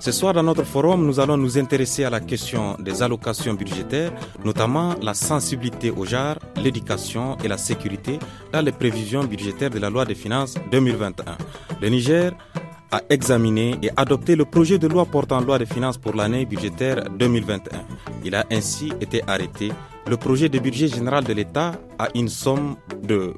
Ce soir, dans notre forum, nous allons nous intéresser à la question des allocations budgétaires, notamment la sensibilité au genre, l'éducation et la sécurité dans les prévisions budgétaires de la loi des finances 2021. Le Niger a examiné et adopté le projet de loi portant loi des finances pour l'année budgétaire 2021. Il a ainsi été arrêté. Le projet de budget général de l'État à une somme de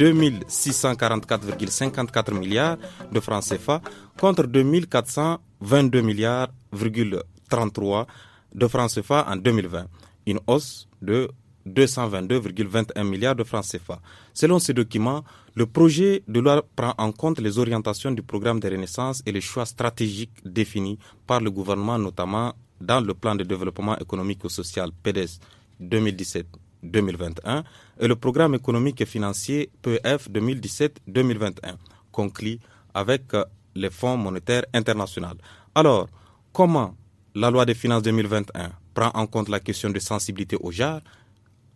2644,54 milliards de francs CFA, contre 2422 milliards de francs CFA en 2020, une hausse de 222,21 milliards de francs CFA. Selon ces documents, le projet de loi prend en compte les orientations du programme de renaissance et les choix stratégiques définis par le gouvernement, notamment dans le plan de développement économique et social PEDES 2017-2021 et le programme économique et financier PEF 2017-2021, conclu avec euh, les fonds monétaires internationaux. Alors, comment la loi des finances 2021 prend en compte la question de sensibilité au JAR,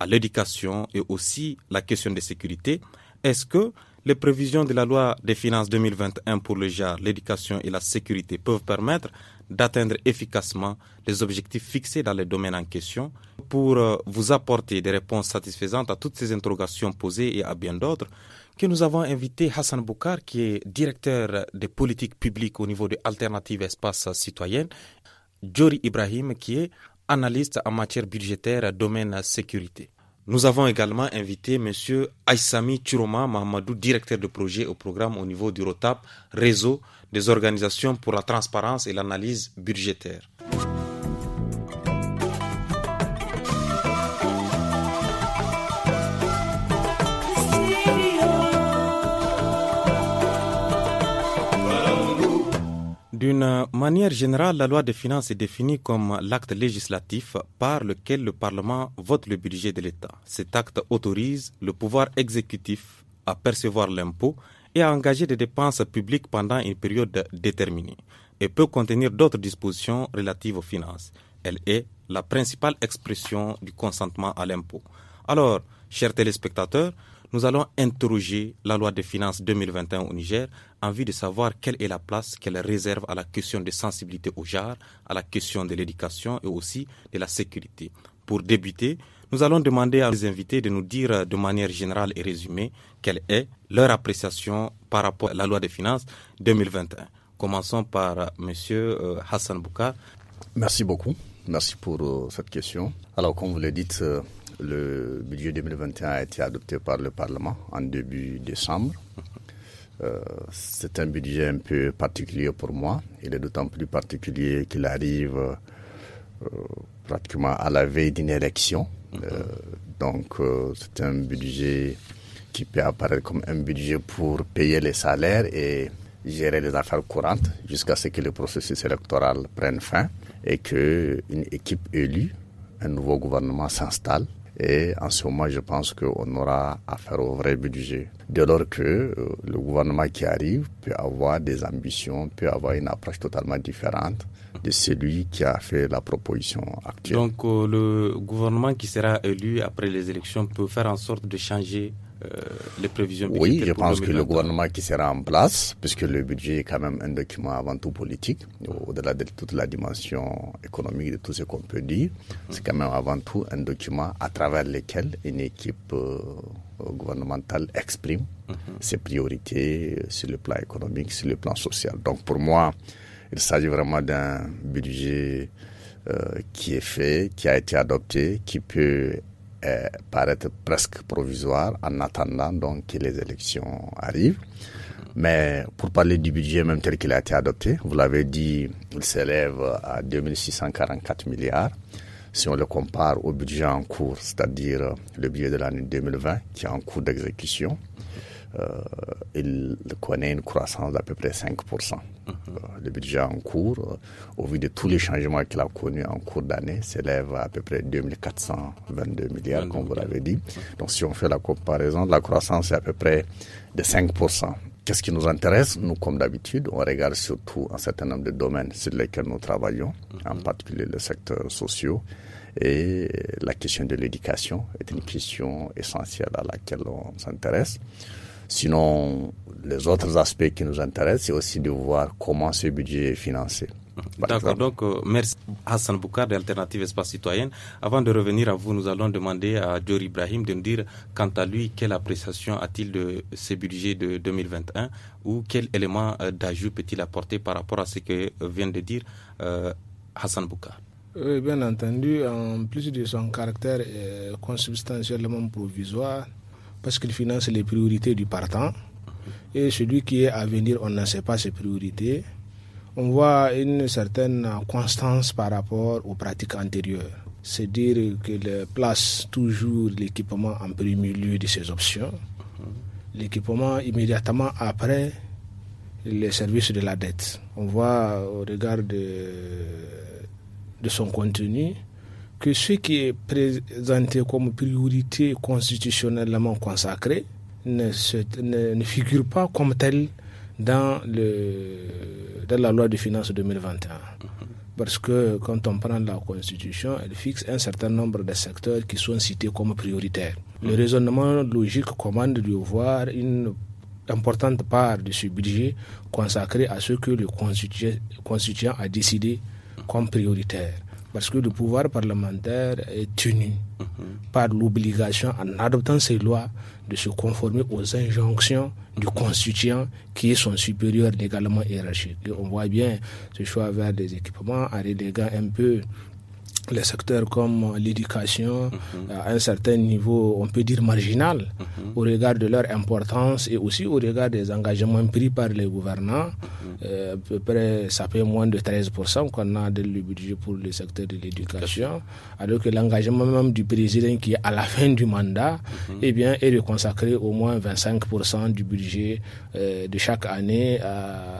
à l'éducation et aussi la question de sécurité Est-ce que les prévisions de la loi des finances 2021 pour le JAR, l'éducation et la sécurité peuvent permettre d'atteindre efficacement les objectifs fixés dans les domaines en question. Pour euh, vous apporter des réponses satisfaisantes à toutes ces interrogations posées et à bien d'autres, que nous avons invité Hassan Boukar, qui est directeur des politiques publiques au niveau de Alternative Espace Citoyenne, Jory Ibrahim, qui est analyste en matière budgétaire domaine sécurité. Nous avons également invité M. Aïssami Chiroma Mahamadou, directeur de projet au programme au niveau du ROTAP, réseau des organisations pour la transparence et l'analyse budgétaire. D'une manière générale, la loi de finances est définie comme l'acte législatif par lequel le Parlement vote le budget de l'État. Cet acte autorise le pouvoir exécutif à percevoir l'impôt et à engager des dépenses publiques pendant une période déterminée et peut contenir d'autres dispositions relatives aux finances. Elle est la principale expression du consentement à l'impôt. Alors, chers téléspectateurs, nous allons interroger la loi des finances 2021 au Niger en vue de savoir quelle est la place qu'elle réserve à la question de sensibilité au genre, à la question de l'éducation et aussi de la sécurité. Pour débuter, nous allons demander à nos invités de nous dire de manière générale et résumée quelle est leur appréciation par rapport à la loi des finances 2021. Commençons par Monsieur euh, Hassan Boukar. Merci beaucoup. Merci pour euh, cette question. Alors, comme vous le dites, euh, le budget 2021 a été adopté par le Parlement en début décembre. Euh, c'est un budget un peu particulier pour moi. Il est d'autant plus particulier qu'il arrive euh, pratiquement à la veille d'une élection. Euh, donc c'est un budget qui peut apparaître comme un budget pour payer les salaires et gérer les affaires courantes jusqu'à ce que le processus électoral prenne fin et qu'une équipe élue, un nouveau gouvernement s'installe et en ce moment, je pense qu'on aura affaire au vrai budget. Dès lors que euh, le gouvernement qui arrive peut avoir des ambitions, peut avoir une approche totalement différente de celui qui a fait la proposition actuelle. Donc euh, le gouvernement qui sera élu après les élections peut faire en sorte de changer euh, les prévisions Oui, je pense que le gouvernement qui sera en place, puisque le budget est quand même un document avant tout politique, au-delà de toute la dimension économique, de tout ce qu'on peut dire, c'est quand même avant tout un document à travers lequel une équipe euh, gouvernementale exprime mhm. ses priorités euh, sur le plan économique, sur le plan social. Donc pour moi, il s'agit vraiment d'un budget qui est fait, qui a été adopté, qui peut euh, paraître presque provisoire en attendant donc que les élections arrivent. Mais pour parler du budget même tel qu'il a été adopté, vous l'avez dit, il s'élève à 2644 milliards. Si on le compare au budget en cours, c'est-à-dire le budget de l'année 2020 qui est en cours d'exécution, euh, il connaît une croissance d'à peu près 5%. Euh, le budget en cours, euh, au vu de tous les changements qu'il a connus en cours d'année, s'élève à, à peu près 2422 milliards, comme vous l'avez dit. Donc si on fait la comparaison, la croissance est à peu près de 5%. Qu'est-ce qui nous intéresse Nous, comme d'habitude, on regarde surtout un certain nombre de domaines sur lesquels nous travaillons, en particulier le secteur social. Et la question de l'éducation est une question essentielle à laquelle on s'intéresse. Sinon, les autres aspects qui nous intéressent, c'est aussi de voir comment ce budget est financé. D'accord, donc euh, merci Hassan Boukar d'Alternative Espace Citoyenne. Avant de revenir à vous, nous allons demander à Dior Ibrahim de nous dire, quant à lui, quelle appréciation a-t-il de ce budget de 2021 ou quel élément euh, d'ajout peut-il apporter par rapport à ce que euh, vient de dire Hassan Boukar Oui, bien entendu, en plus de son caractère consubstantiellement provisoire, parce qu'il finance les priorités du partant. Et celui qui est à venir, on ne sait pas ses priorités. On voit une certaine constance par rapport aux pratiques antérieures. C'est à dire qu'il place toujours l'équipement en premier lieu de ses options. L'équipement immédiatement après les services de la dette. On voit au regard de, de son contenu, que ce qui est présenté comme priorité constitutionnellement consacrée ne, figure pas comme tel dans, le, dans la loi de finances 2021. Parce que quand on prend la Constitution, elle fixe un certain nombre de secteurs qui sont cités comme prioritaires. Le raisonnement logique commande de voir une importante part de ce budget consacré à ce que le constituant a décidé comme prioritaire parce que le pouvoir parlementaire est tenu par l'obligation, en adoptant ces lois, de se conformer aux injonctions du constituant qui est son supérieur légalement hiérarchique. Et on voit bien ce choix vers des équipements en reléguant un peu les secteurs comme l'éducation, mhm. euh, à un certain niveau, on peut dire marginal, mhm. au regard de leur importance et aussi au regard des engagements pris par les gouvernants. Mhm. Euh, à peu près, ça fait moins de 13% qu'on a de budget pour le secteur de l'éducation, alors que l'engagement même du président qui est à la fin du mandat eh bien, est de consacrer au moins 25% du budget euh, de chaque année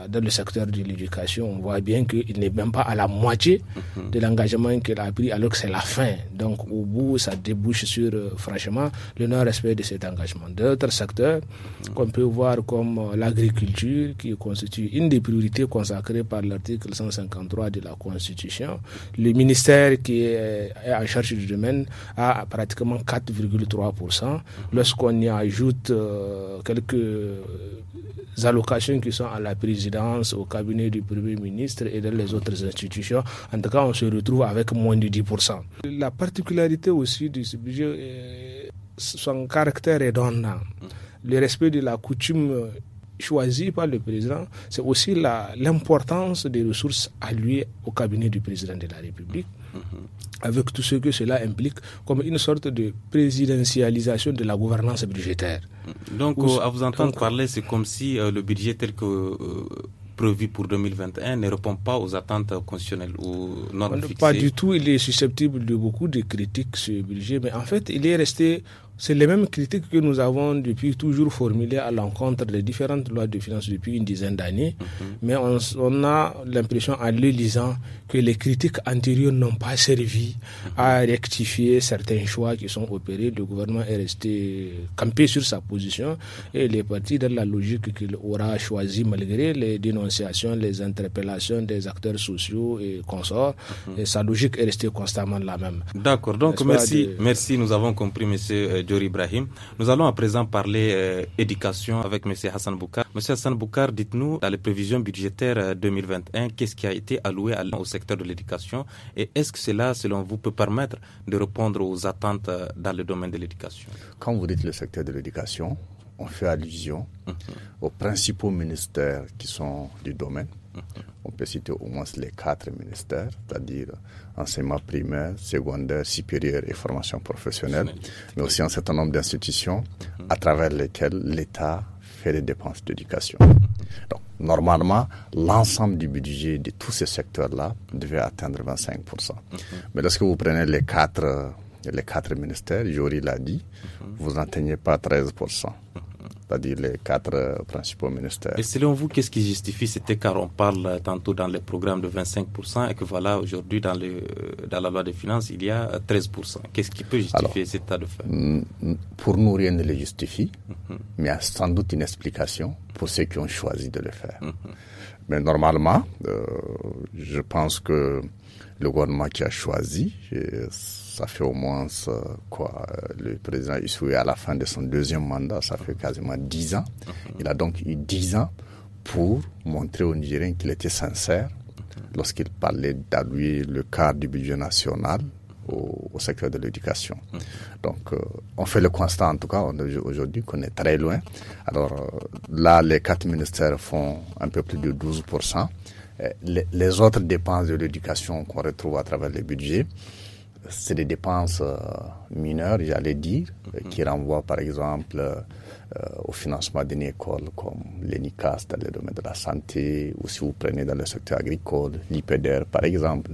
dans le secteur de l'éducation. On voit bien qu'il n'est même pas à la moitié de l'engagement qu'il a appris alors que c'est la fin. Donc au bout, ça débouche sur, euh, franchement, le non-respect de cet engagement. D'autres secteurs qu'on peut voir comme euh, l'agriculture, qui constitue une des priorités consacrées par l'article 153 de la Constitution, le ministère qui est euh, en charge du domaine a pratiquement 4,3%. Lorsqu'on y ajoute quelques allocations qui sont à la présidence, au cabinet du Premier ministre et dans les autres institutions, en tout cas, on se retrouve avec moins 10%. La particularité aussi de ce budget, euh, son caractère est donnant. Mm. Le respect de la coutume euh, choisie par le président, c'est aussi l'importance des ressources allouées au cabinet du président de la République, mm-hmm. avec tout ce que cela implique comme une sorte de présidentialisation de la gouvernance budgétaire. Mm. Donc, euh, à vous entendre parler, c'est comme si le budget tel que revue pour 2021 ne répond pas aux attentes constitutionnelles ou normes Pas du tout. Il est susceptible de beaucoup de critiques, ce budget. Mais en fait, il est resté c'est les mêmes critiques que nous avons depuis toujours formulées à l'encontre des différentes lois de finances depuis une dizaine d'années. Mhm. Mais on, a l'impression, en les lisant, que les critiques antérieures n'ont pas servi à mhm. rectifier certains choix qui sont opérés. Le gouvernement est resté campé sur sa position et il est parti dans la logique qu'il aura choisie malgré les dénonciations, les interpellations des acteurs sociaux et consorts. Mhm. et sa logique est restée constamment la même. D'accord. Donc, merci. Merci. Nous avons compris, monsieur. Euh, Ibrahim. Nous allons à présent parler euh, éducation avec M. Hassan Boukar. M. Hassan Boukar, dites-nous, dans les prévisions budgétaires 2021, euh, qu'est-ce qui a été alloué au secteur de l'éducation et est-ce que cela, selon vous, peut permettre de répondre aux attentes euh, dans le domaine de l'éducation Quand vous dites le secteur de l'éducation, on fait allusion mhm. aux principaux ministères qui sont du domaine on peut citer au moins les quatre ministères, c'est-à-dire enseignement primaire, secondaire, supérieur et formation professionnelle, mais aussi un certain nombre d'institutions à travers lesquelles l'État fait des dépenses d'éducation. Donc, normalement, l'ensemble du budget de tous ces secteurs-là devait atteindre 25%. Mais lorsque vous prenez les quatre les quatre ministères, Jory l'a dit, vous n'atteignez pas 13% c'est-à-dire les quatre euh, principaux ministères. Et selon vous, qu'est-ce qui justifie cet écart On parle euh, tantôt dans les programmes de 25% et que voilà, aujourd'hui, dans, euh, dans la loi des finances, il y a 13%. Qu'est-ce qui peut justifier cet état de fait mm, mm, Pour nous, rien ne le justifie, mhm. mais il y a sans doute une explication pour ceux qui ont choisi de le faire. Mhm. Mais normalement, je pense que le gouvernement qui a choisi, ça fait au moins euh, quoi euh, Le président Issoué, à la fin de son deuxième mandat, ça fait quasiment dix ans. Il a donc eu dix ans pour montrer aux Nigériens qu'il était sincère lorsqu'il parlait d'allouer le quart du budget national au, secteur de l'éducation. Donc, euh, on fait le constat, en tout cas, aujourd'hui, qu'on est très loin. Alors, là, les quatre ministères font un peu plus de 12%. Les, les autres dépenses de l'éducation qu'on retrouve à travers les budgets, c'est des dépenses euh, mineures, j'allais dire, mhm. qui renvoient par exemple euh, au financement d'une école comme l'ENICAS dans le domaine de la santé, ou si vous prenez dans le secteur agricole, l'IPEDER par exemple,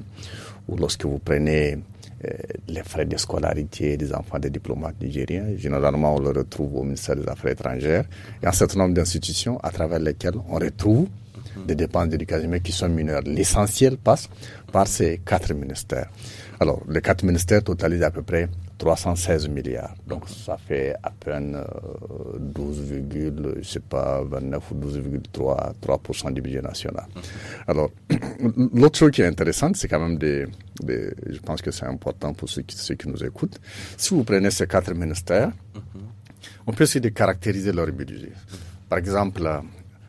ou lorsque vous prenez euh, les frais de scolarité des enfants des diplomates nigériens. Généralement, on le retrouve au ministère des Affaires étrangères et un certain nombre d'institutions à travers lesquelles on retrouve mhm. des dépenses d'éducation qui sont mineures. L'essentiel passe par ces quatre ministères. Alors, les quatre ministères totalisent à peu près 316 milliards. Donc, ça fait à peine 12, euh, je sais pas, 29 ou 12,3 du budget national. Alors, l'autre chose qui est intéressante, c'est quand même des, Je pense que c'est important pour ceux ceux qui, nous écoutent. Si vous prenez ces quatre ministères, on peut essayer de caractériser leur budget. Par exemple, euh,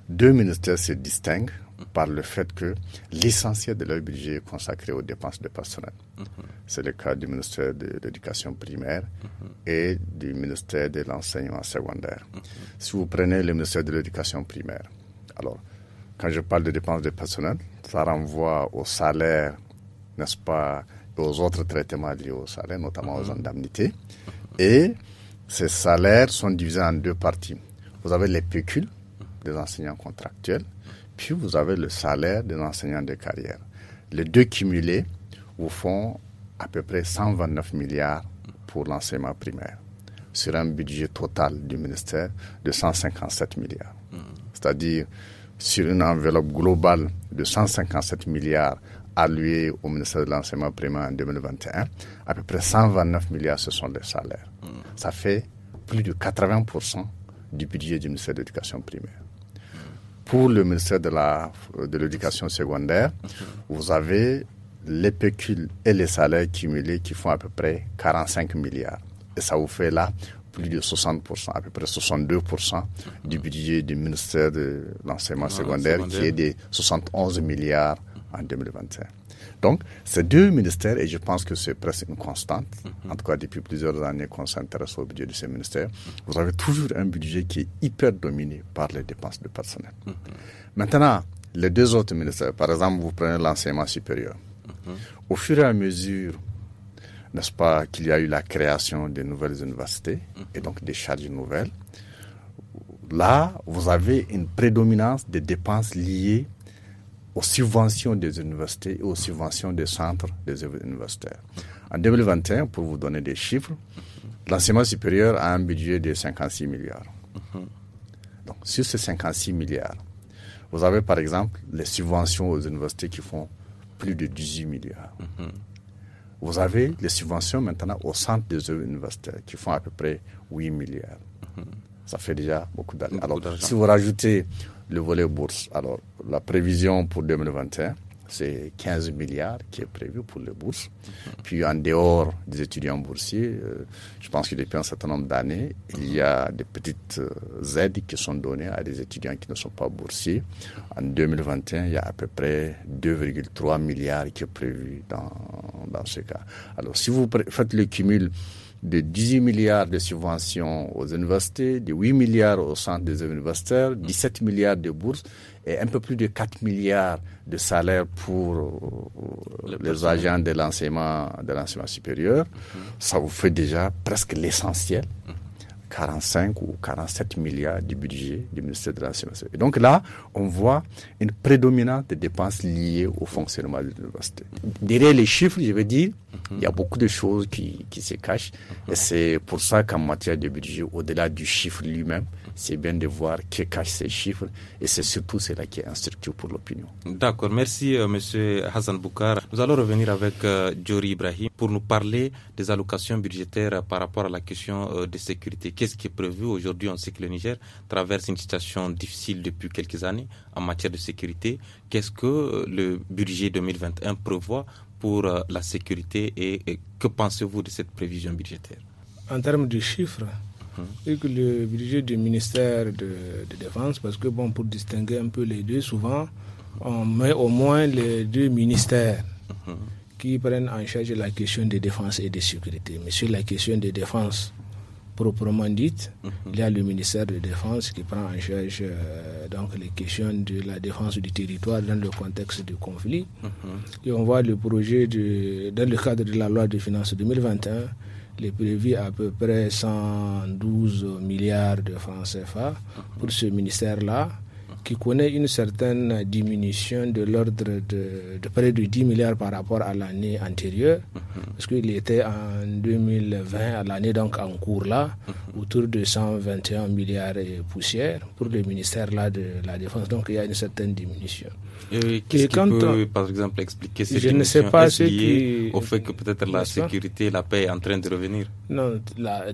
deux ministères se distinguent par le fait que l'essentiel de leur budget est consacré aux dépenses de personnel. Mm-hmm. C'est le cas du ministère de l'Éducation primaire mm-hmm. et du ministère de l'Enseignement secondaire. Mm-hmm. Si vous prenez le ministère de l'Éducation primaire, alors, quand je parle de dépenses de personnel, ça renvoie au salaire, n'est-ce pas, et aux autres traitements liés au salaire, notamment aux indemnités. Et ces salaires sont divisés en deux parties. Vous avez les pécules des enseignants contractuels puis vous avez le salaire des enseignants de carrière. Les deux cumulés vous font à peu près 129 milliards pour l'enseignement primaire, sur un budget total du ministère de 157 milliards. Mm. C'est-à-dire sur une enveloppe globale de 157 milliards alloués au ministère de l'enseignement primaire en 2021, à peu près 129 milliards, ce sont les salaires. Mm. Ça fait plus de 80% du budget du ministère de l'éducation primaire pour le ministère de la de l'éducation secondaire, vous avez les pécules et les salaires cumulés qui font à peu près 45 milliards. Et ça vous fait là plus de 60%, à peu près 62% du budget du ministère de l'enseignement secondaire, qui est de 71 milliards en 2021. Donc, ces deux ministères, et je pense que c'est presque une constante, mhm. en tout cas depuis plusieurs années qu'on s'intéresse au budget de ces ministères, vous avez toujours un budget qui est hyper dominé par les dépenses de personnel. Mhm. Maintenant, les deux autres ministères, par exemple, vous prenez l'enseignement supérieur. Mhm. Au fur et à mesure, n'est-ce pas, qu'il y a eu la création de nouvelles universités et donc des charges nouvelles, là, vous avez une prédominance des dépenses liées aux subventions des universités et aux subventions des centres des universitaires. En 2021, pour vous donner des chiffres, l'enseignement supérieur a un budget de 56 milliards. Donc, sur ces 56 milliards, vous avez par exemple les subventions aux universités qui font plus de 18 milliards. Vous avez les subventions maintenant aux centres des universitaires qui font à peu près 8 milliards. Ça fait déjà beaucoup d'argent. Alors, si vous rajoutez le volet bourse. Alors, la prévision pour 2021, c'est 15 milliards qui est prévu pour les bourses. Mhm. Puis en dehors des étudiants boursiers, euh, je pense que depuis un certain nombre d'années, il y a des petites euh, aides qui sont données à des étudiants qui ne sont pas boursiers. En 2021, il y a à peu près 2,3 milliards qui est prévu dans, dans ce cas. Alors si vous faites le cumul de 18 milliards de subventions aux universités, de 8 milliards au centre des universitaires, 17 milliards de bourses et un peu plus de 4 milliards de salaires pour euh, les, agents de l'enseignement supérieur. Mhm. Ça vous fait déjà presque l'essentiel. Mhm. 45 ou 47 milliards du budget du ministère de et Donc là, on voit une prédominante des dépenses liées au fonctionnement de l'université. Derrière les chiffres, je veux dire, il y a beaucoup de choses qui, qui se cachent. Et mhm. c'est pour ça qu'en matière de budget, au-delà du chiffre lui-même, c'est bien de voir qui cache ces chiffres et c'est surtout cela qui est instructif pour l'opinion. D'accord, merci M. Euh, Monsieur Hassan Boukar. Nous allons revenir avec jory euh, Djori Ibrahim pour nous parler des allocations budgétaires euh, par rapport à la question de sécurité. Qu'est-ce qui est prévu aujourd'hui On sait que le Niger traverse une situation difficile depuis quelques années en matière de sécurité. Qu'est-ce que le budget 2021 prévoit pour la sécurité et, et que pensez-vous de cette prévision budgétaire En termes de chiffres, et que le budget du ministère de, Défense, parce que bon, pour distinguer un peu les deux, souvent, on met au moins les deux ministères qui prennent en charge la question de défense et de sécurité. Mais sur la question de défense proprement dite, il y a le ministère de Défense qui prend en charge euh, donc les questions de la défense du territoire dans le contexte du conflit. Et on voit le projet dans le cadre de la loi de finances 2021 les est à peu près 112 milliards de francs CFA pour ce ministère-là qui connaît une certaine diminution de l'ordre de, près de 10 milliards par rapport à l'année antérieure, mhm. parce qu'il était en 2020, à l'année donc en cours là, mhm. autour de 121 milliards et poussière pour le ministère là de la Défense. Donc il y a une certaine diminution. Et qu'est-ce qui peut, par exemple, expliquer cette Je ne sais pas ce qui... au fait que peut-être la sécurité, la paix est en train de revenir Non,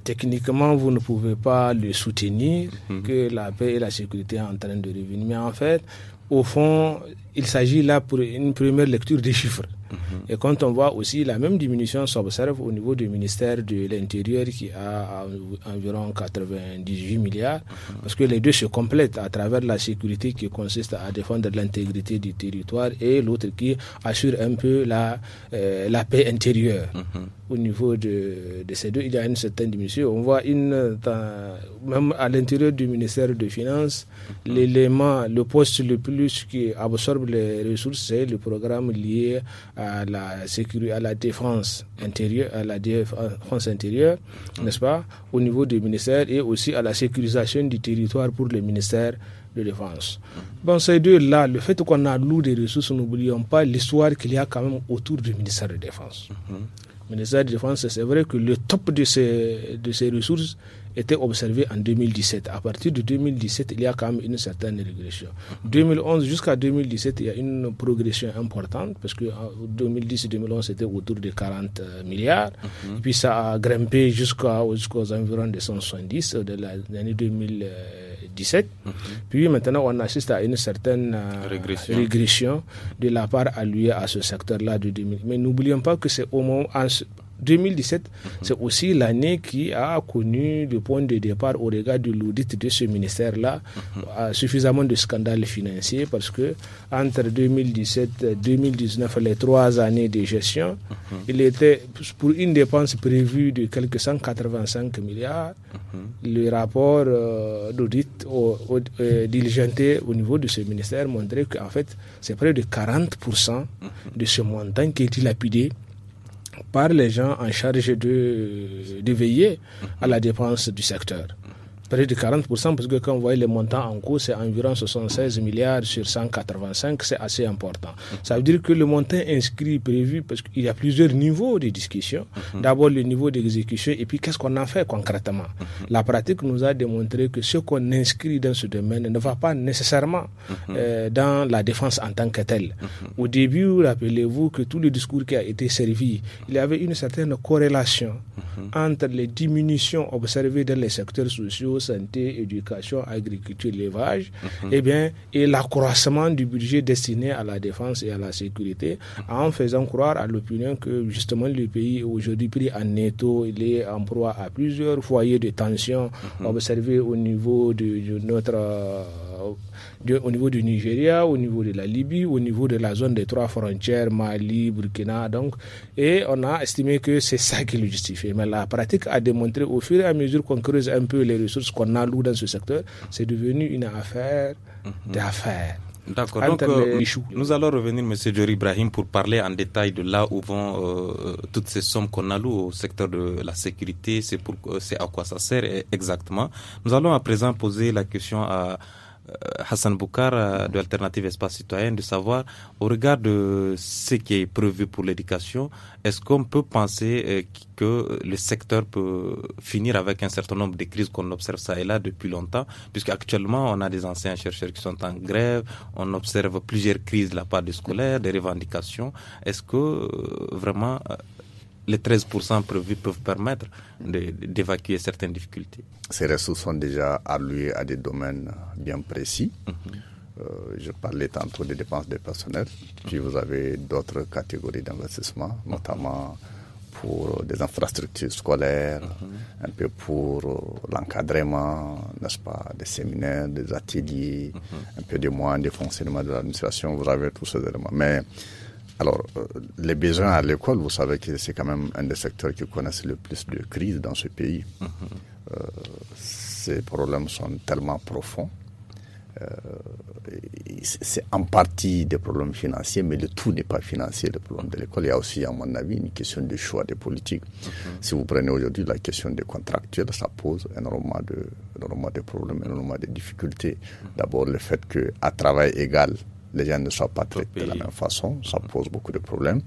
techniquement, vous ne pouvez pas le soutenir mhm. que la paix et la sécurité est en train de revenir mais en fait, au fond, il s'agit là pour une première lecture des chiffres. Mhm. Et quand on voit aussi la même diminution s'observe au niveau du ministère de l'Intérieur qui a environ 98 milliards, mhm. parce que les deux se complètent à travers la sécurité qui consiste à défendre l'intégrité du territoire et l'autre qui assure un peu la, euh, la paix intérieure. Mhm au niveau de, ces deux, il y a une certaine diminution. On voit une, euh, même à l'intérieur du ministère des Finances, mm-hmm. l'élément, le poste le plus qui absorbe les ressources, c'est le programme lié à la sécurité, à la défense intérieure, à la défense intérieure, mm-hmm. n'est-ce pas, au niveau du ministère et aussi à la sécurisation du territoire pour le ministère de défense. Mm-hmm. Bon, ces deux-là, le fait qu'on a lourd des ressources, n'oublions pas l'histoire qu'il y a quand même autour du ministère de défense ministère de la Défense, c'est vrai que le top de ces, de ces ressources était observé en 2017. À partir de 2017, il y a quand même une certaine régression. 2011 jusqu'à 2017, il y a une progression importante parce que 2010-2011, euh, c'était autour de 40 euh, milliards. Mhm. Puis ça a grimpé jusqu'aux environs de 170 euh, de l'année 2000. Mhm. Puis maintenant, on assiste à une certaine euh, régression. de la part allouée à ce secteur-là de 2000. Mais n'oublions pas que c'est au moment, en, 2017, mhm. c'est aussi l'année qui a connu le point de départ au regard de l'audit de ce ministère-là, mhm. suffisamment de scandales financiers parce que entre 2017 et 2019, les trois années de gestion, mhm. il était pour une dépense prévue de quelques 185 milliards, le rapport euh, d'audit euh, diligenté au niveau de ce ministère montrait qu'en fait, c'est près de 40% de ce montant qui est dilapidé par les gens en charge de, veiller à la dépense du secteur de 40%, parce que quand on voit les montants en cours, c'est environ 76 milliards sur 185, c'est assez important. Ça veut dire que le montant inscrit, prévu, parce qu'il y a plusieurs niveaux de discussion. Mhm. D'abord, le niveau d'exécution, et puis qu'est-ce qu'on a fait concrètement. Mhm. La pratique nous a démontré que ce qu'on inscrit dans ce domaine ne va pas nécessairement mhm. euh, dans la défense en tant que telle. Au début, rappelez-vous que tout le discours qui a été servi, il y avait une certaine corrélation entre les diminutions observées dans les secteurs sociaux santé, éducation, agriculture, élevage, et eh bien, et l'accroissement du budget destiné à la défense et à la sécurité, en faisant croire à l'opinion que justement le pays aujourd'hui pris en étau, il est en proie à plusieurs foyers de tension mhm. observés au niveau de, notre... Euh, au niveau du Nigeria, au niveau de la Libye, au niveau de la zone des trois frontières, Mali, Burkina, donc. Et on a estimé que c'est ça qui le justifie. Mais la pratique a démontré au fur et à mesure qu'on creuse un peu les ressources qu'on alloue dans ce secteur, c'est devenu une affaire mhm. d'affaires. D'accord. Donc, euh, nous allons revenir, M. Jory Ibrahim, pour parler en détail de là où vont euh, euh, toutes ces sommes qu'on alloue au secteur de la sécurité, c'est, pour, c'est à quoi ça sert eh, exactement. Nous allons à présent poser la question à euh, Hassan Boukar euh, de l'alternative espace citoyen de savoir au regard de ce qui est prévu pour l'éducation, est-ce qu'on peut penser euh, que le secteur peut finir avec un certain nombre de crises qu'on observe ça et là depuis longtemps, puisque actuellement on a des anciens chercheurs qui sont en grève, on observe plusieurs crises de la part des scolaires, des revendications. Est-ce que vraiment les 13% prévus peuvent permettre d'évacuer certaines difficultés. Ces ressources sont déjà allouées à des domaines bien précis. Mhm. Euh, je parlais tantôt des dépenses de personnel, puis vous avez d'autres catégories d'investissement, mhm. notamment pour des infrastructures scolaires, mhm. un peu pour euh, l'encadrement, n'est-ce pas, des séminaires, des ateliers, un peu de moins de fonctionnement de l'administration. Vous avez tous ces éléments. Mais alors, euh, les besoins à l'école, vous savez que c'est quand même un des secteurs qui connaissent le plus de crises dans ce pays. Mhm. Euh, ces problèmes sont tellement profonds. Euh, c'est en partie des problèmes financiers, mais le tout n'est pas financier, le problème de l'école. Il y a aussi, à mon avis, une question de choix des politiques. Mhm. Si vous prenez aujourd'hui la question des contractuels, ça pose énormément de, énormément de problèmes, énormément de difficultés. Mhm. D'abord, le fait qu'à travail égal, les gens ne sont pas traités de la même façon, ça pose beaucoup de problèmes.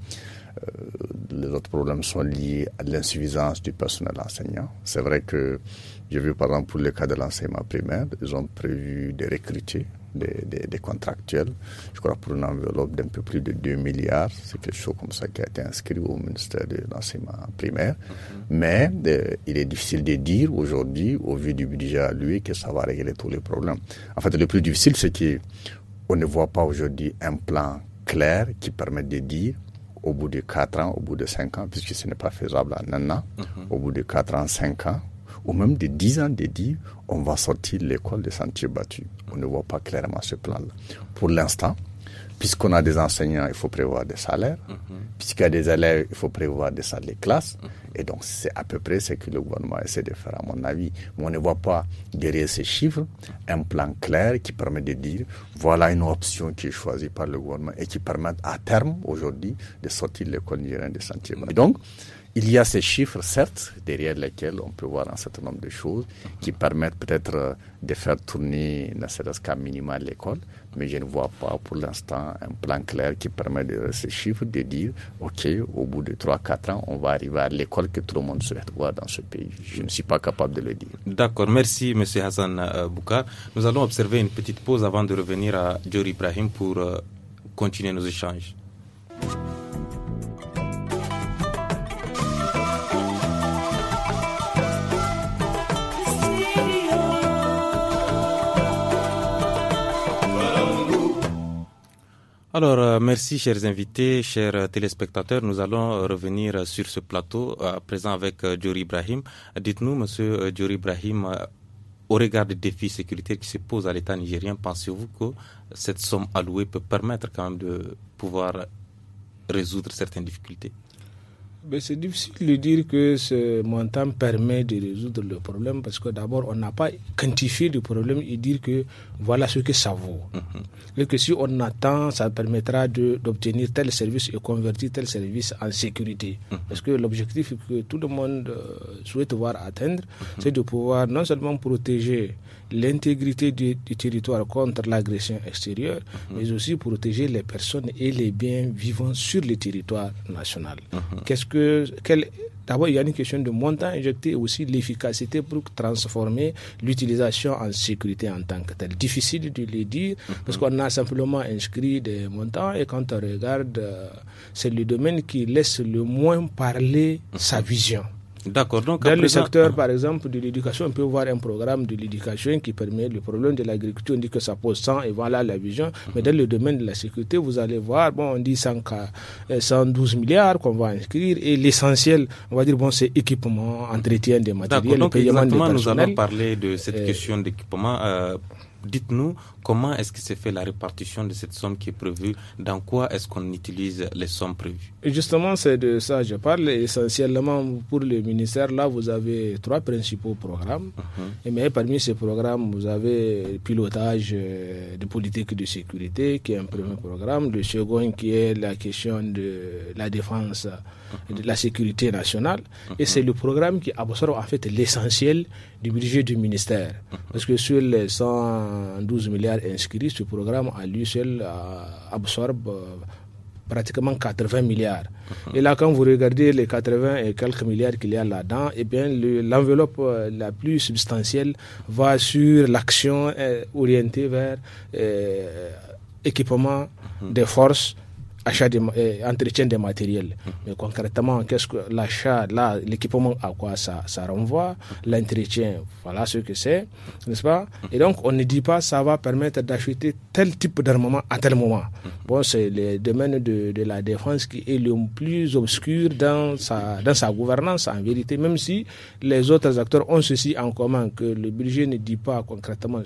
Euh, les autres problèmes sont liés à l'insuffisance du personnel enseignant. C'est vrai que j'ai vu par exemple pour le cas de l'enseignement primaire, ils ont prévu de recruter des, des, des, contractuels, je crois pour une enveloppe d'un peu plus de 2 milliards. C'est quelque chose comme ça qui a été inscrit au ministère de l'enseignement primaire. Mhm. Mais euh, il est difficile de dire aujourd'hui, au vu du budget à lui, que ça va régler tous les problèmes. En fait, le plus difficile, c'est que on ne voit pas aujourd'hui un plan clair qui permet de dire au bout de 4 ans, au bout de 5 ans, puisque ce n'est pas faisable en nana mhm. au bout de 4 ans, 5 ans, ou même de 10 ans, de dire on va sortir l'école des sentiers battus. On ne voit pas clairement ce plan-là. Pour l'instant, puisqu'on a des enseignants, il faut prévoir des salaires. Mhm. Puisqu'il y a des élèves, il faut prévoir des salles de classe. Mhm. Et donc, c'est à peu près ce que le gouvernement essaie de faire, à mon avis. Mais on ne voit pas derrière ces chiffres un plan clair qui permet de dire voilà une option qui est choisie par le gouvernement et qui permet à terme, aujourd'hui, de sortir l'école nigérienne des sentiers. Mhm. Donc, il y a ces chiffres, certes, derrière lesquels on peut voir un certain nombre de choses qui permettent peut-être euh, de faire tourner, ne serait-ce qu'à minima, l'école, mais je ne vois pas pour l'instant un plan clair qui permet de ces chiffres, de dire, OK, au bout de 3-4 ans, on va arriver à l'école que tout le monde souhaite voir dans ce pays. Je ne suis pas capable de le dire. D'accord, merci M. Hassan euh, Boukar. Nous allons observer une petite pause avant de revenir à Dior Ibrahim pour euh, continuer nos échanges. Alors, euh, merci chers invités, chers euh, téléspectateurs. Nous allons euh, revenir sur ce plateau à présent avec euh, Ibrahim. Dites-nous, monsieur Ibrahim, au regard des défis sécuritaires qui se posent à l'État nigérien, pensez-vous que cette somme allouée peut permettre quand même de pouvoir résoudre certaines difficultés c'est difficile de dire que ce montant permet de résoudre le problème parce que d'abord, on n'a pas quantifié le problème et dire que voilà ce que ça vaut. Mhm. Et que si on attend, ça permettra d'obtenir tel service et convertir tel service en sécurité. Mhm. Parce que l'objectif que tout le monde euh, souhaite voir atteindre, mhm. c'est de pouvoir non seulement protéger l'intégrité du, territoire contre l'agression extérieure, mhm. mais aussi protéger les personnes et les biens vivant sur le territoire national. Mhm. Qu'est-ce que D'abord, il y a une question de montant injecté et aussi l'efficacité pour transformer l'utilisation en sécurité en tant que telle. Difficile de le dire mhm. parce qu'on a simplement inscrit des montants et quand on regarde, euh, c'est le domaine qui laisse le moins parler sa vision. D'accord. dans le secteur, par exemple, de l'éducation, on peut voir un programme de l'éducation qui permet le problème de l'agriculture. On dit que ça pose 100 et voilà la vision. Mais dans le domaine de la sécurité, vous allez voir, bon, on dit 112 euh, milliards qu'on va inscrire et l'essentiel, on va dire, bon, c'est équipement, entretien des matériels, donc, paiement des personnels. nous allons parler de cette euh, question d'équipement. Euh, Dites-nous comment est-ce que c'est fait la répartition de cette somme qui est prévue, dans quoi est-ce qu'on utilise les sommes prévues Justement, c'est de ça que je parle. Essentiellement, pour le ministère, là, vous avez trois principaux programmes. Uh-huh. parmi ces programmes, vous avez le pilotage euh, de politique de sécurité, qui est un premier programme. Le second, qui est la question de la défense de la sécurité nationale. Et c'est le programme qui absorbe en fait l'essentiel du budget du ministère. Parce que sur les 112 milliards inscrits, ce programme euh, à lui seul absorbe pratiquement 80 milliards. Et là, quand vous regardez les 80 et quelques milliards qu'il y a là-dedans, et eh bien, l'enveloppe euh, la plus substantielle va sur l'action euh, orientée vers l'équipement équipement des forces, achat de, euh, entretien des matériels. Mhm. Mais concrètement, qu'est-ce que l'achat, là, l'équipement, à quoi ça, renvoie, mhm. l'entretien, voilà ce que c'est, n'est-ce pas mhm. Et donc, on ne dit pas ça va permettre d'acheter tel type d'armement à tel moment. Bon, c'est le domaine de, la défense qui est le plus obscur dans sa, dans sa gouvernance, en vérité, même si les autres acteurs ont ceci en commun, que le budget ne dit pas concrètement,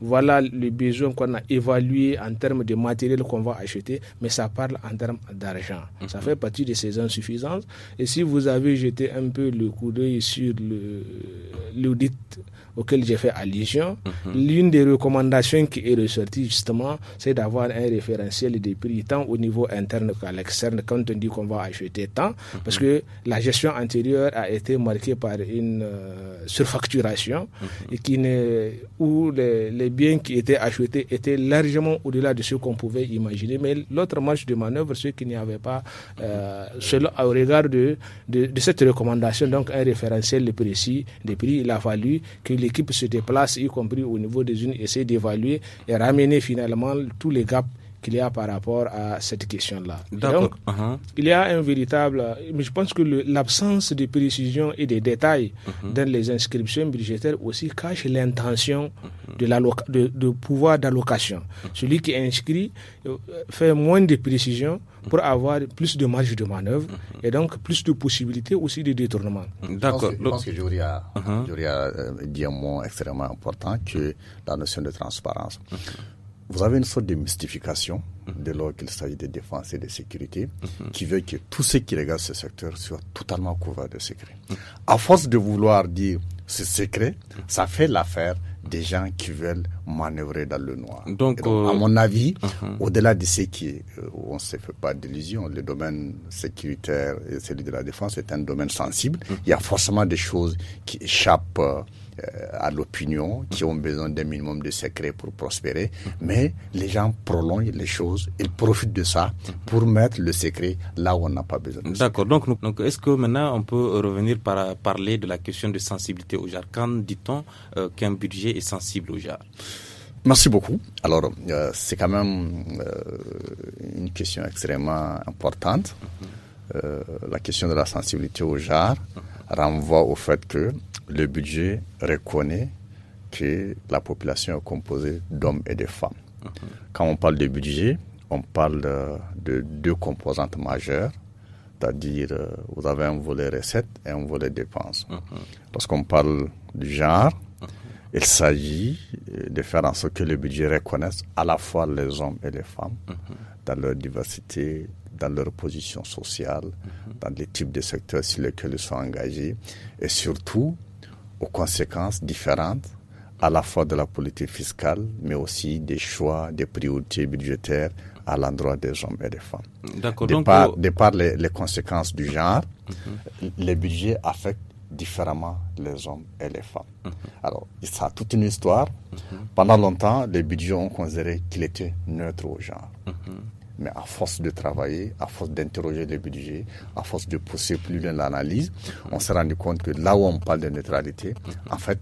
voilà le besoin qu'on a évalué en termes de matériel qu'on va acheter, mais ça parle en termes d'argent. Ça mhm. fait partie de ces insuffisances. Et si vous avez jeté un peu le coup d'œil sur l'audit auquel j'ai fait allusion, mhm. l'une des recommandations qui est ressortie justement, c'est d'avoir un référentiel des prix, tant au niveau interne qu'à l'externe, quand on dit qu'on va acheter tant, mhm. parce que la gestion antérieure a été marquée par une euh, surfacturation et qui où les, les biens qui étaient achetés étaient largement au-delà de ce qu'on pouvait imaginer. Mais l'autre marche de ceux qui qu'il n'y avaient pas euh, au regard de, cette recommandation, donc un référentiel précis des prix. Il a fallu que l'équipe se déplace, y compris au niveau des unes, essaie d'évaluer et ramener finalement tous les gaps qu'il y a par rapport à cette question-là. Donc, uh-huh. il y a un véritable... Mais je pense que l'absence de précision et de détails uh-huh. dans les inscriptions budgétaires aussi cache l'intention uh-huh. de, de, de, pouvoir d'allocation. Celui qui inscrit euh, fait moins de précisions pour avoir plus de marge de manœuvre et donc plus de possibilités aussi de détournement. D'accord. Je pense que, j'aurais euh, dit un mot extrêmement important que la notion de transparence vous avez une sorte de mystification de lors qu'il s'agit de défense et de sécurité, qui veut que tous ceux qui regardent ce secteur soient totalement couverts de secrets. À force de vouloir dire ce secret, ça fait l'affaire des gens qui veulent manœuvrer dans le noir. Donc, à euh, mon avis, uh-huh. au-delà de ce qui euh, on ne se fait pas d'illusions, le domaine sécuritaire et celui de la défense est un domaine sensible. Uh-huh. Il y a forcément des choses qui échappent. Euh, euh, à l'opinion, qui ont besoin d'un minimum de secret pour prospérer. Mais les gens prolongent les choses, ils profitent de ça pour mettre le secret là où on n'a pas besoin. D'accord. Donc, donc est-ce que maintenant on peut revenir par parler de la question de sensibilité au jar? Quand dit-on euh, qu'un budget est sensible au jar? Merci beaucoup. Alors, euh, c'est quand même une question extrêmement importante. Mhm. la question de la sensibilité au genre renvoie au fait que le budget reconnaît que la population est composée d'hommes et de femmes. Uh-huh. Quand on parle de budget, on parle euh, de deux composantes majeures, c'est-à-dire euh, vous avez un volet recettes et un volet dépenses. Uh-huh. Lorsqu'on parle du genre, uh-huh. il s'agit euh, de faire en sorte que le budget reconnaisse à la fois les hommes et les femmes dans leur diversité, dans leur position sociale, dans les types de secteurs sur lesquels ils sont engagés et surtout conséquences différentes à la fois de la politique fiscale, mais aussi des choix, des priorités budgétaires à l'endroit des hommes et des femmes. D'accord. donc, par, euh, de les, conséquences du genre, mhm. les budgets affectent différemment les hommes et les femmes. Mhm. Alors, ça a toute une histoire. Mhm. Pendant longtemps, les budgets ont considéré qu'il était neutre au genre. Mais à force de travailler, à force d'interroger les budgets, à force de pousser plus loin l'analyse, on s'est rendu compte que là où on parle de neutralité, en fait,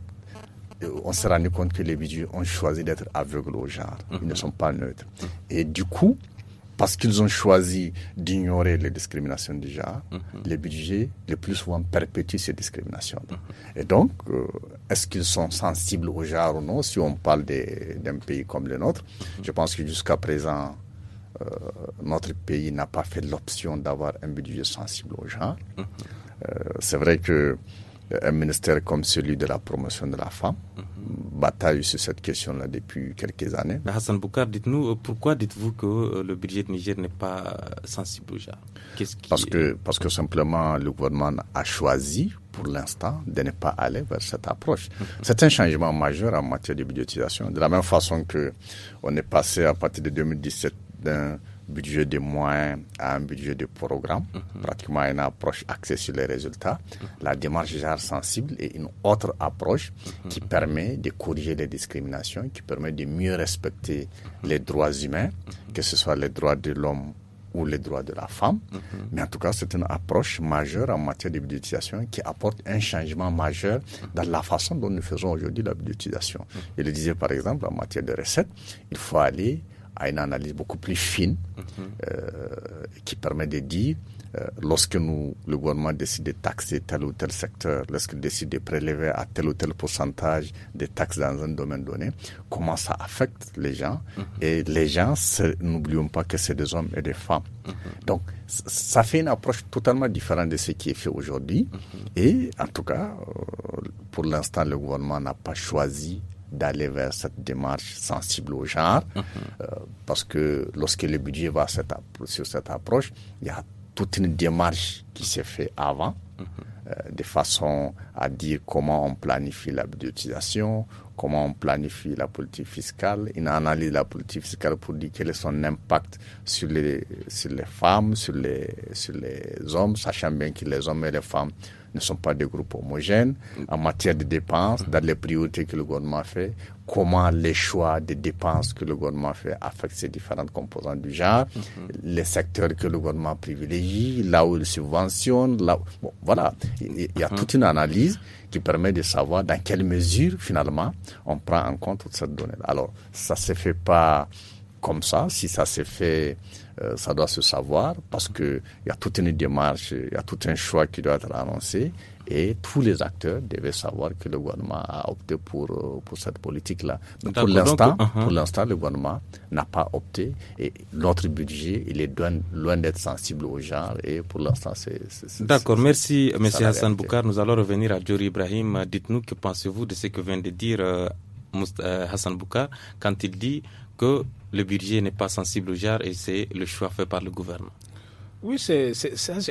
euh, on s'est rendu compte que les budgets ont choisi d'être aveugles au genre. Ils ne sont pas neutres. Et du coup, parce qu'ils ont choisi d'ignorer les discriminations du genre, les budgets le plus souvent perpétuent ces discriminations. Et donc, euh, est-ce qu'ils sont sensibles au genre ou non Si on parle d'un pays comme le nôtre, je pense que jusqu'à présent, euh, notre pays n'a pas fait l'option d'avoir un budget sensible au genre. Mhm. Euh, c'est vrai que euh, un ministère comme celui de la promotion de la femme mhm. bataille sur cette question-là depuis quelques années. Hassan Boukar, dites-nous, pourquoi dites-vous que le budget de Niger n'est pas sensible au genre parce, que, parce que simplement, le gouvernement a choisi, pour l'instant, de ne pas aller vers cette approche. Mhm. C'est un changement majeur en matière de budgétisation. De la même façon que on est passé à partir de 2017 d'un budget de moyens à un budget de programme, mhm. pratiquement une approche axée sur les résultats. Mhm. La démarche genre sensible est une autre approche mhm. qui permet de corriger les discriminations, qui permet de mieux respecter les droits humains, que ce soit les droits de l'homme ou les droits de la femme. Mais en tout cas, c'est une approche majeure en matière de budgétisation qui apporte un changement majeur dans la façon dont nous faisons aujourd'hui la budgétisation. Je le disait par exemple en matière de recettes, il faut aller à une analyse beaucoup plus fine euh, qui permet de dire euh, lorsque nous, le gouvernement décide de taxer tel ou tel secteur, lorsqu'il décide de prélever à tel ou tel pourcentage des taxes dans un domaine donné, comment ça affecte les gens. Mhm. Et les gens, n'oublions pas que c'est des hommes et des femmes. Mhm. Donc, ça fait une approche totalement différente de ce qui est fait aujourd'hui. Mhm. Et en tout cas, euh, pour l'instant, le gouvernement n'a pas choisi d'aller vers cette démarche sensible au genre, mhm. euh, parce que lorsque le budget va sur cette approche, il y a toute une démarche qui s'est faite avant, mhm. euh, de façon à dire comment on planifie la budgétisation, comment on planifie la politique fiscale, une analyse de la politique fiscale pour dire quel est son impact sur les, sur les femmes, sur les, sur les hommes, sachant bien que les hommes et les femmes ne sont pas des groupes homogènes. En matière de dépenses, dans les priorités que le gouvernement fait, comment les choix de dépenses que le gouvernement fait affectent ces différentes composantes du genre, mhm. les secteurs que le gouvernement privilégie, là où il subventionne, là voilà, il y a mhm. toute une analyse qui permet de savoir dans quelle mesure, finalement, on prend en compte cette donnée. Alors, ça ne se fait pas comme ça, si ça se fait euh, ça doit se savoir parce qu'il y a toute une démarche, il y a tout un choix qui doit être annoncé et tous les acteurs devaient savoir que le gouvernement a opté pour, euh, pour cette politique-là. Pour l'instant, uh-huh. pour l'instant, le gouvernement n'a pas opté et notre budget, il est loin, loin d'être sensible au genre et pour l'instant, c'est... D'accord, merci M. Hassan Boukar. Nous allons revenir à Djori Ibrahim. Dites-nous que pensez-vous de ce que vient de dire euh, Hassan Boukar quand il dit que le budget n'est pas sensible au jar et c'est le choix fait par le gouvernement. Oui, c'est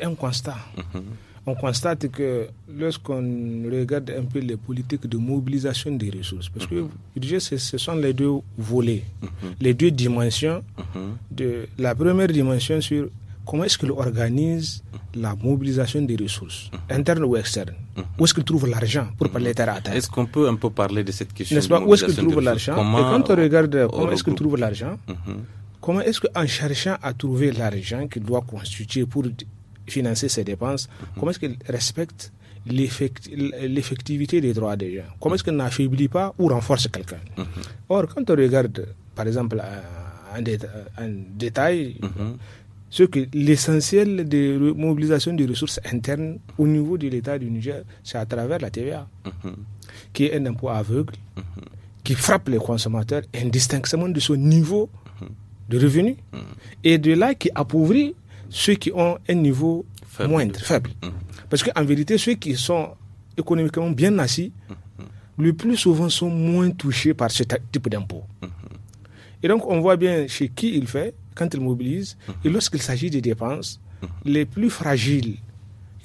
un constat. Mhm. On constate que lorsqu'on regarde un peu les politiques de mobilisation des ressources, parce que budget, mhm. ce sont les deux volets, mhm. les deux dimensions. De, la première dimension sur comment est-ce qu'il organise la mobilisation des ressources, mhm. internes ou externes mhm. Où est-ce qu'il trouve l'argent pour mhm. parler terre à terre Est-ce qu'on peut un peu parler de cette question N'est-ce pas Où est-ce qu'il trouve l'argent Et quand on regarde comment est-ce qu'il trouve l'argent, comment est-ce qu'en cherchant à trouver l'argent qu'il doit constituer pour financer ses dépenses, comment est-ce qu'il respecte l'effectivité des droits des gens Comment est-ce qu'il n'affaiblit pas ou renforce quelqu'un Or, quand on regarde, par exemple, un, euh, détail, ce que l'essentiel de mobilisation des ressources internes au niveau de l'État du Niger, c'est à travers la TVA, mhm. qui est un impôt aveugle, mhm. qui frappe les consommateurs indistinctement de son niveau mhm. de revenus, et de là qui appauvrit ceux qui ont un niveau moindre, faible. Parce qu'en vérité, ceux qui sont économiquement bien assis, le plus souvent sont moins touchés par ce type d'impôt. Et donc, on voit bien chez qui il fait, quand ils mobilisent. Mhm. Et lorsqu'il s'agit des dépenses, mhm. les plus fragiles,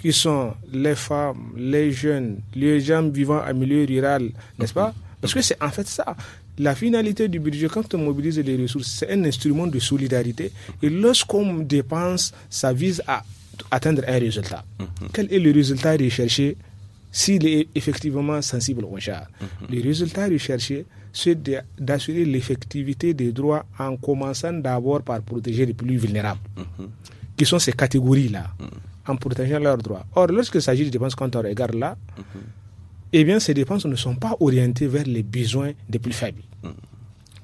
qui sont les femmes, les jeunes, les gens vivant en milieu rural, n'est-ce pas mhm. Parce que c'est en fait ça. La finalité du budget, quand on mobilise les ressources, c'est un instrument de solidarité. Et lorsqu'on dépense, ça vise à atteindre un résultat. Quel est le résultat recherché s'il est effectivement sensible au char. Mhm. le résultat recherché, c'est d'assurer l'effectivité des droits en commençant d'abord par protéger les plus vulnérables, mhm. qui sont ces catégories-là, mhm. en protégeant leurs droits. Or, lorsqu'il s'agit de dépenses, quand on regarde là, eh bien, ces dépenses ne sont pas orientées vers les besoins des plus faibles.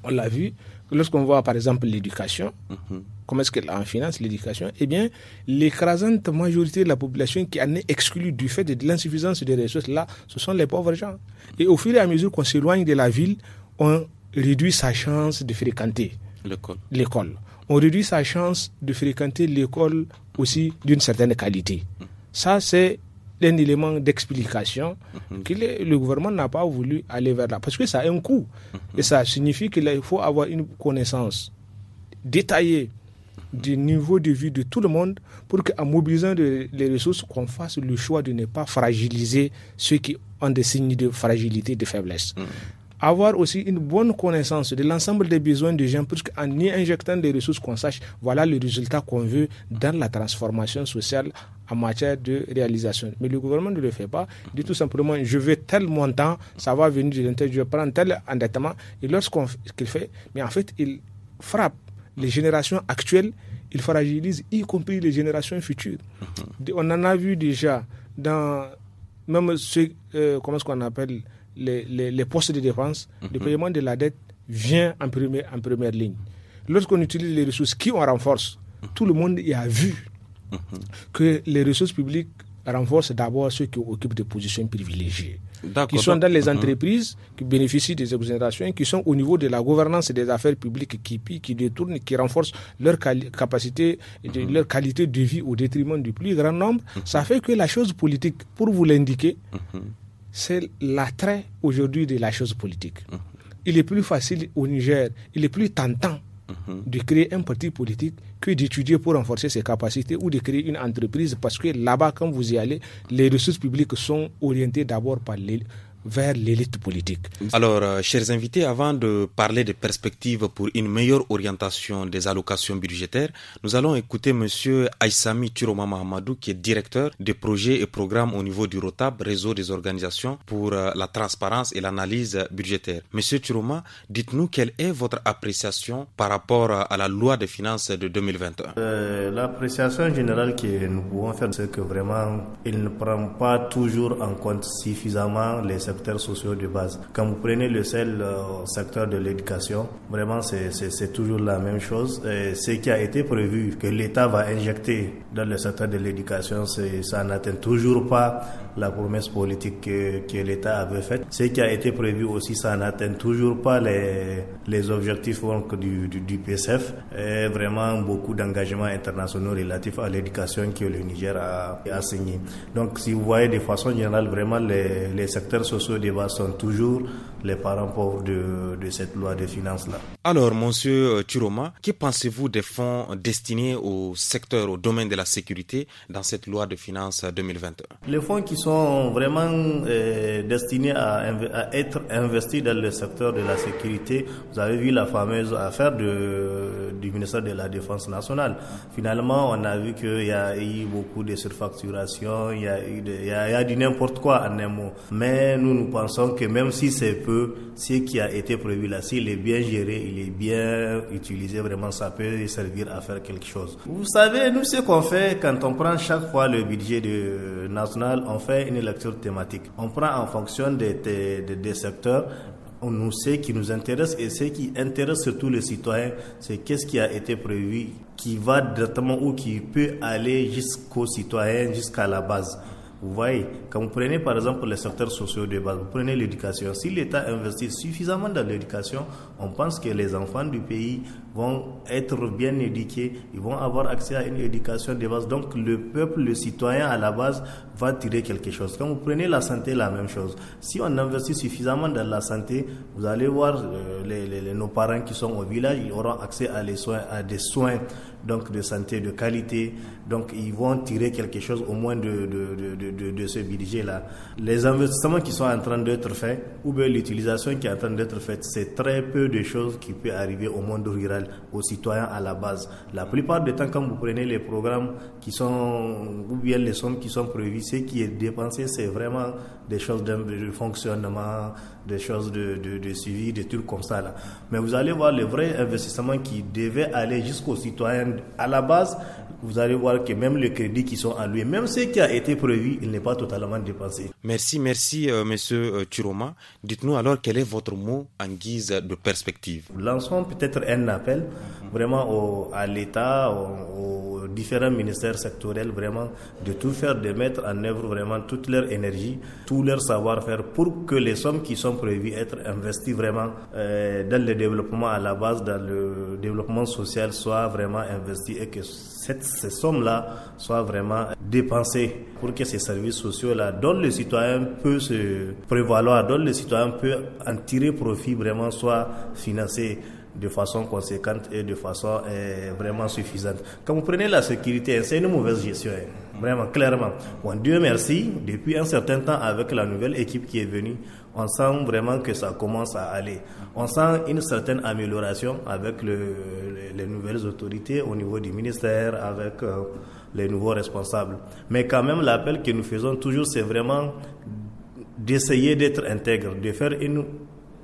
On l'a vu, lorsqu'on voit par exemple l'éducation, mhm. comment est-ce qu'elle en finance l'éducation Eh bien, l'écrasante majorité de la population qui en est exclue du fait de l'insuffisance des ressources, là, ce sont les pauvres gens. Et au fur et à mesure qu'on s'éloigne de la ville, on réduit sa chance de fréquenter l'école. On réduit sa chance de fréquenter l'école aussi d'une certaine qualité. Mhm. Ça, c'est d'un élément d'explication mhm. que le, gouvernement n'a pas voulu aller vers là. Parce que ça a un coût. Mhm. Et ça signifie qu'il faut avoir une connaissance détaillée du niveau de vie de tout le monde pour qu'en mobilisant les ressources, qu'on fasse le choix de ne pas fragiliser ceux qui ont des signes de fragilité, de faiblesse. Mhm avoir aussi une bonne connaissance de l'ensemble des besoins des gens pour y injectant des ressources qu'on sache, voilà le résultat qu'on veut dans la transformation sociale en matière de réalisation. Mais le gouvernement ne le fait pas. Il dit tout simplement, je veux tel montant, ça va venir de l'intérieur, je prends tel endettement. Et lorsqu'on qu'il fait, mais en fait, il frappe les générations actuelles, il fragilise y compris les générations futures. Mhm. On en a vu déjà dans même ce, euh, comment ce qu'on appelle les, postes de défense, mhm. le paiement de la dette vient en, en première ligne. Lorsqu'on utilise les ressources, qui on renforce mhm. Tout le monde y a vu mhm. que les ressources publiques renforcent d'abord ceux qui occupent des positions privilégiées, qui sont dans les entreprises, qui bénéficient des exonérations, qui sont au niveau de la gouvernance et des affaires publiques, qui qui détournent, qui renforcent leur capacité, et leur qualité de vie au détriment du plus grand nombre. Ça fait que la chose politique, pour vous l'indiquer, c'est l'attrait aujourd'hui de la chose politique. Mmh. Il est plus facile au Niger, il est plus tentant mmh. de créer un parti politique que d'étudier pour renforcer ses capacités ou de créer une entreprise parce que là-bas, quand vous y allez, les ressources publiques sont orientées d'abord par les vers l'élite politique. Alors, euh, chers invités, avant de parler des perspectives pour une meilleure orientation des allocations budgétaires, nous allons écouter M. Aissami Turoma Mahamadou, qui est directeur des projets et programmes au niveau du ROTAB, réseau des organisations pour euh, la transparence et l'analyse budgétaire. Monsieur Turoma, dites-nous quelle est votre appréciation par rapport euh, à la loi des finances de 2021. L'appréciation générale que nous pouvons faire, c'est que vraiment, il ne prend pas toujours en compte suffisamment les sociaux de base. Quand vous prenez le seul euh, secteur de l'éducation, vraiment c'est toujours la même chose. ce qui a été prévu que l'État va injecter dans le secteur de l'éducation, ça n'atteint toujours pas la promesse politique que, l'État avait faite. Ce qui a été prévu aussi, ça n'atteint toujours pas les, objectifs donc, du, PSF. Et vraiment beaucoup d'engagements internationaux relatifs à l'éducation que le Niger a, signé. Donc si vous voyez de façon générale, vraiment les, les secteurs sociaux sociaux débat sont toujours les parents pauvres de, cette loi de finances-là. Alors, monsieur euh, Turoma, que pensez-vous des fonds destinés au secteur, au domaine de la sécurité dans cette loi de finances 2021 Les fonds qui sont vraiment euh, destinés à, être investis dans le secteur de la sécurité, vous avez vu la fameuse affaire du ministère de la Défense nationale. Finalement, on a vu qu'il y a eu beaucoup de surfacturation, il y a, eu du n'importe quoi en un mot. Mais nous, nous, pensons que même si c'est peu, ce qui a été prévu là, s'il est bien géré, il est bien utilisé, vraiment, ça peut servir à faire quelque chose. Vous savez, nous, ce qu'on fait quand on prend chaque fois le budget de euh, national, on fait une lecture thématique. On prend en fonction des, des, des secteurs nous sait qui nous intéresse et ce qui intéresse surtout les citoyens, c'est qu'est-ce qui a été prévu, qui va directement ou qui peut aller jusqu'aux citoyens, jusqu'à la base. Vous voyez, quand vous prenez par exemple les secteurs sociaux de base, vous prenez l'éducation. Si l'État investit suffisamment dans l'éducation, on pense que les enfants du pays vont être bien éduqués, ils vont avoir accès à une éducation de base. Donc le peuple, le citoyen à la base va tirer quelque chose. Quand vous prenez la santé, la même chose. Si on investit suffisamment dans la santé, vous allez voir euh, nos parents qui sont au village, ils auront accès à, les soins, à des soins donc de santé de qualité. Donc ils vont tirer quelque chose au moins de, de, de ce budget-là. Les investissements qui sont en train d'être faits ou bien l'utilisation qui est en train d'être faite, c'est très peu des choses qui peut arriver au monde rural, aux citoyens à la base. La plupart du temps, quand vous prenez les programmes qui sont, ou bien les sommes qui sont prévues, ce qui est dépensé, c'est vraiment des choses de, fonctionnement, des choses de, de, suivi, des trucs comme ça. Là. Mais vous allez voir les vrais investissements qui devait aller jusqu'aux citoyens à la base vous allez voir que même les crédits qui sont alloués, même ce qui a été prévu, il n'est pas totalement dépensé. Merci, merci, M. Euh, monsieur euh, Turoma. Dites-nous alors quel est votre mot en guise de perspective. Lançons peut-être un appel vraiment au, à l'État, aux, différents ministères sectoriels, vraiment de tout faire, de mettre en œuvre vraiment toute leur énergie, tout leur savoir-faire pour que les sommes qui sont prévues être investies vraiment euh, dans le développement à la base, dans le développement social, soient vraiment investies et que cette, somme là soit vraiment dépensée pour que ces services sociaux-là, dont le citoyen peut se prévaloir, dont le citoyen peut en tirer profit vraiment, soient financés de façon conséquente et de façon euh, vraiment suffisante. Quand vous prenez la sécurité, hein, c'est une mauvaise gestion, hein. vraiment clairement. Dieu merci, depuis un certain temps avec la nouvelle équipe qui est venue, on sent vraiment que ça commence à aller. On sent une certaine amélioration avec le, les nouvelles autorités au niveau du ministère, avec euh, les nouveaux responsables. Mais quand même, l'appel que nous faisons toujours, c'est vraiment d'essayer d'être intègre, de faire une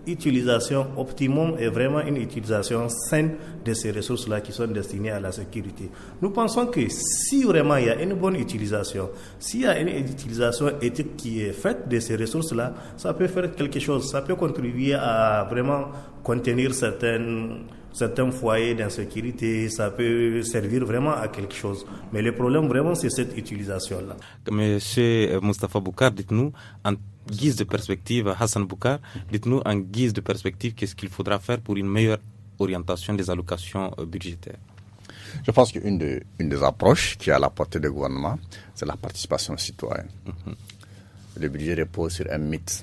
utilisation optimum et vraiment une utilisation saine de ces ressources-là qui sont destinées à la sécurité. Nous pensons que si vraiment il y a une bonne utilisation, s'il y a une utilisation éthique qui est faite de ces ressources-là, ça peut faire quelque chose, ça peut contribuer à vraiment contenir certaines un foyer d'insécurité, ça peut servir vraiment à quelque chose. Mais le problème vraiment, c'est cette utilisation-là. Euh, Monsieur Mustafa Boukar, dites-nous, en guise de perspective, Hassan Boukar, dites-nous en guise de perspective, qu'est-ce qu'il faudra faire pour une meilleure orientation des allocations euh, budgétaires je pense qu'une une des approches qui a la portée du gouvernement, c'est la participation citoyenne. Mhm. Le budget repose sur un mythe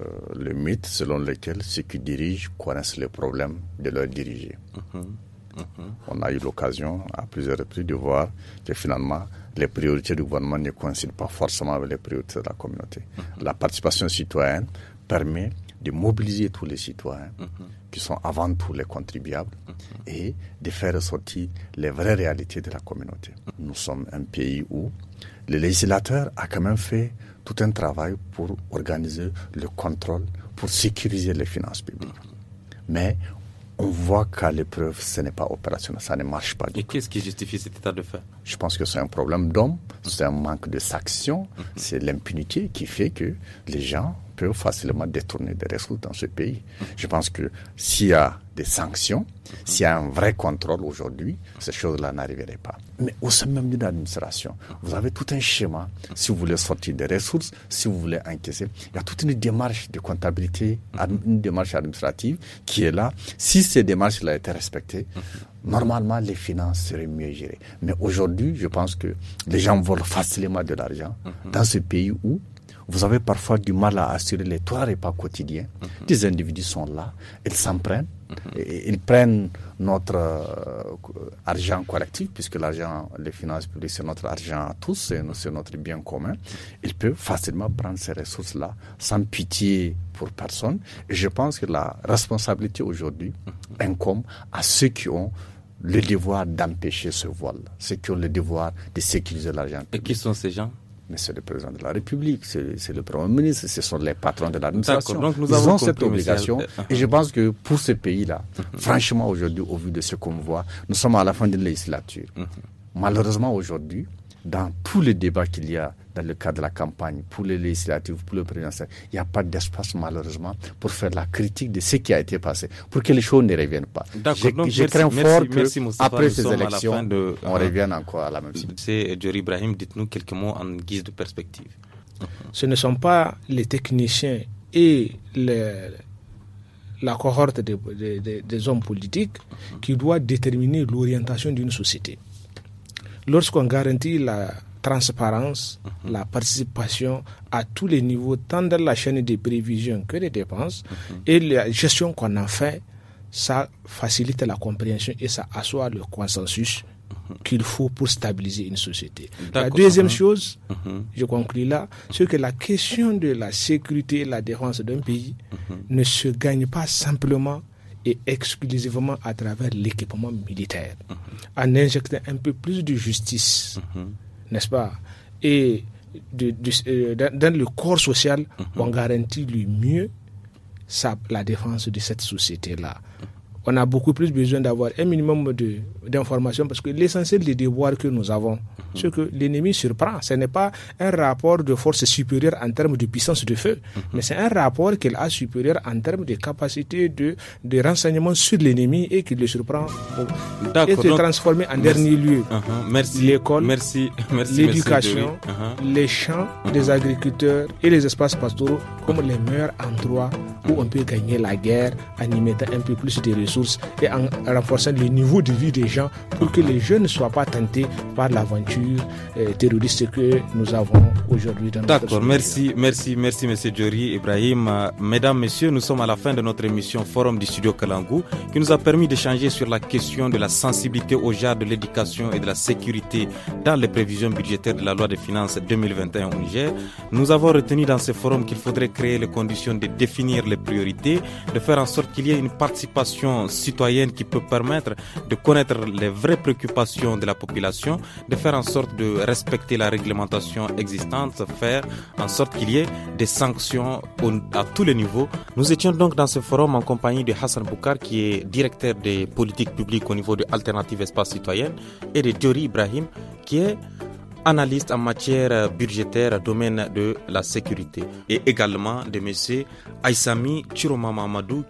euh, le mythe selon lequel ceux qui dirigent connaissent les problèmes de leurs diriger. Mhm, mhm. On a eu l'occasion à plusieurs reprises de voir que finalement, les priorités du gouvernement ne coïncident pas forcément avec les priorités de la communauté. Mhm. La participation citoyenne permet de mobiliser tous les citoyens, qui sont avant tout les contribuables, et de faire ressortir les vraies réalités de la communauté. Nous sommes un pays où le législateur a quand même fait tout un travail pour organiser le contrôle, pour sécuriser les finances publiques. Mm-hmm. Mais on voit qu'à l'épreuve, ce n'est pas opérationnel, ça ne marche pas. Et qu'est-ce qui justifie cet état de fait Je pense que c'est un problème d'homme, mm-hmm. c'est un manque de sanctions, mm-hmm. c'est l'impunité qui fait que les gens peut facilement détourner des ressources dans ce pays. Je pense que s'il y a des sanctions, s'il y a un vrai contrôle aujourd'hui, ces choses-là n'arriveraient pas. Mais au sein même de l'administration, vous avez tout un schéma. Si vous voulez sortir des ressources, si vous voulez encaisser, il y a toute une démarche de comptabilité, mhm. une démarche administrative qui est là. Si ces démarches-là étaient respectées, mhm. normalement, les finances seraient mieux gérées. Mais aujourd'hui, je pense que les gens volent facilement de l'argent mhm. dans ce pays où vous avez parfois du mal à assurer les trois repas quotidiens. Mhm. Des individus sont là, ils s'en prennent, mhm. ils prennent notre euh, argent collectif, puisque l'argent, les finances publiques, c'est notre argent à tous, c'est notre bien commun. Ils peuvent facilement prendre ces ressources-là, sans pitié pour personne. je pense que la responsabilité aujourd'hui mhm. incombe à ceux qui ont le devoir d'empêcher ce vol, ceux qui ont le devoir de sécuriser l'argent. Et qui sont ces gens mais c'est le président de la République, c'est le Premier ministre, ce sont les patrons de l'administration. nous avons cette obligation. Et je pense que pour ce pays-là, franchement, aujourd'hui, au vu de ce qu'on voit, nous sommes à la fin d'une législature. Mhm. Malheureusement, aujourd'hui, dans tous les débats qu'il y a dans le cadre de la campagne, pour les législatives, pour le présidentiel. Il n'y a pas d'espace, malheureusement, pour faire la critique de ce qui a été passé, pour que les choses ne reviennent pas. Je, crains fort après ces élections, de, on hein. revienne encore à la même situation. C'est euh, Djori Ibrahim, dites-nous quelques mots en guise de perspective. Ce ne sont pas les techniciens et la cohorte des, des hommes politiques qui doit déterminer l'orientation d'une société. Lorsqu'on garantit la transparence, mhm. la participation à tous les niveaux, tant dans la chaîne des prévisions que des dépenses, mhm. et la gestion qu'on en fait, ça facilite la compréhension et ça assoit le consensus mhm. qu'il faut pour stabiliser une société. La deuxième chose, je conclue là, c'est que la question de la sécurité et l'adhérence d'un pays ne se gagne pas simplement et exclusivement à travers l'équipement militaire, en injectant un peu plus de justice n'est-ce pas Et euh, dans, le corps social, mhm. on garantit le mieux sa, la défense de cette société-là on a beaucoup plus besoin d'avoir un minimum d'informations parce que l'essentiel des devoirs que nous avons, mhm. ce que l'ennemi surprend. Ce n'est pas un rapport de force supérieure en termes de puissance de feu, mhm. mais c'est un rapport qu'elle a supérieur en termes de capacité de, de renseignement sur l'ennemi et qui le surprend et se transformer en dernier lieu. Uh-huh. Merci. L'école, merci. Merci, l'éducation, uh-huh. les champs uh-huh. des agriculteurs et les espaces pastoraux comme les meilleurs endroits où on peut gagner la guerre en y mettant un peu plus de ressources et en renforçant le niveau de vie des gens pour que les jeunes ne soient pas tentés par l'aventure euh, terroriste que nous avons aujourd'hui dans D'accord, merci, merci, merci, monsieur Djori, Ibrahim. Euh, mesdames, messieurs, nous sommes à la fin de notre émission Forum du Studio Kalangu, qui nous a permis d'échanger sur la question de la sensibilité au genre de l'éducation et de la sécurité dans les prévisions budgétaires de la loi des finances 2021 au Nous avons retenu dans ce forum qu'il faudrait créer les conditions de définir les priorités, de faire en sorte qu'il y ait une participation citoyenne qui peut permettre de connaître les vraies préoccupations de la population, de faire en sorte de respecter la réglementation existante, faire en sorte qu'il y ait des sanctions à tous les niveaux. Nous étions donc dans ce forum en compagnie de Hassan Boukar qui est directeur des politiques publiques au niveau de Alternative Espace Citoyenne et de Diori Ibrahim qui est analyste en matière budgétaire, domaine de la sécurité. Et également de M. Aïsami Chiroma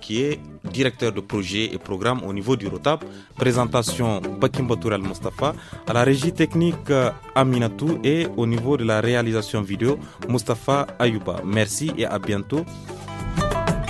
qui est directeur de projet et programme au niveau du ROTAP. Présentation Bakim Mustafa. À la régie technique Aminatou et au niveau de la réalisation vidéo, Mustafa Ayouba. Merci et à bientôt